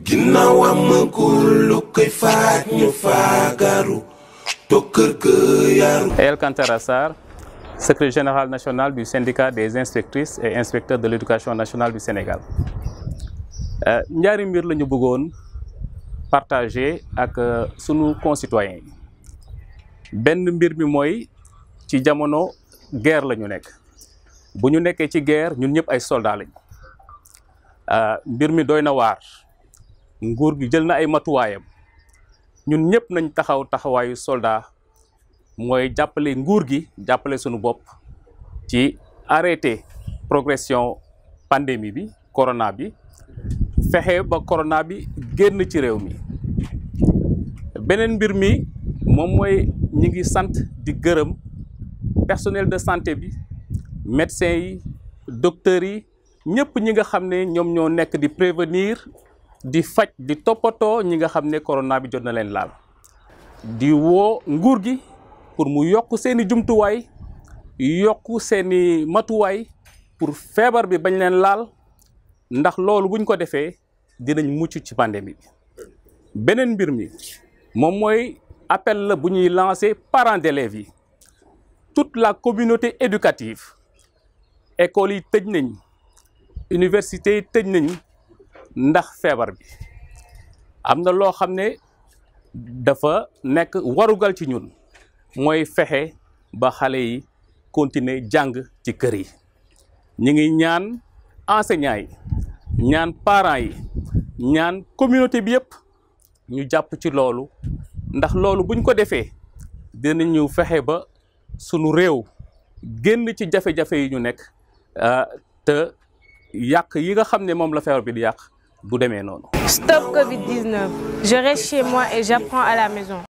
ginnaaw amagul lu koy faat ñu faagaru tokkër ga yaru Alcantara Sarr général national du syndicat des inspectrices et inspecteurs de l'éducation national du Sénégal euh, ñaari mbir lañu ñu bëggoon partager ak euh, sunu concitoyens yi benn mbir mi mooy ci jamono guerre la ñu nekk bu ñu nekkee ci guerre ñun ñëpp ay soldats lañ euh, mbir mi doy na waar nguur gi jël na ay matuwaayam ñun ñëpp nañ taxaw taxawaayu soldat mooy jàppale nguur gi jàppale sunu bopp ci arrêté progression pandémie bi corona bi fexe ba corona bi génn ci réew mi beneen mbir mi moom mooy ñi ngi sant di gërëm personnel de santé bi médecins yi docteurs yi ñëpp ñi nga xam ne ñoom ñoo nekk di prévenir di faj di toppatoo ñi nga xam ne corona bi jot na leen laal di woo nguur gi pour mu yokk seeni jumtuwaay yokk seeni matuwaay pour feebar bi bañ leen laal ndax loolu buñ ko defee dinañ mucc ci pandémie bi beneen mbir mi moom mooy appel la bu ñuy lancer parents d'élèves yi toute la communauté éducative écoles yi tëj nañ université yi tëj nañ ndax feebar bi am na loo xam ne dafa nekk warugal ci ñun mooy fexe ba xale yi continuer jàng ci kër yi ñu ngi ñaan enseignants yi ñaan parents yi ñaan communauté bi yëpp ñu jàpp ci loolu ndax loolu buñ ko defee dinañu fexe ba sunu réew génn ci jafe-jafe yi ñu nekk ah, te yàq yi nga xam ne moom la feebar bi di yàq du demee noonu. stop Covid 19 je reste chez moi et j'apprends à la maison.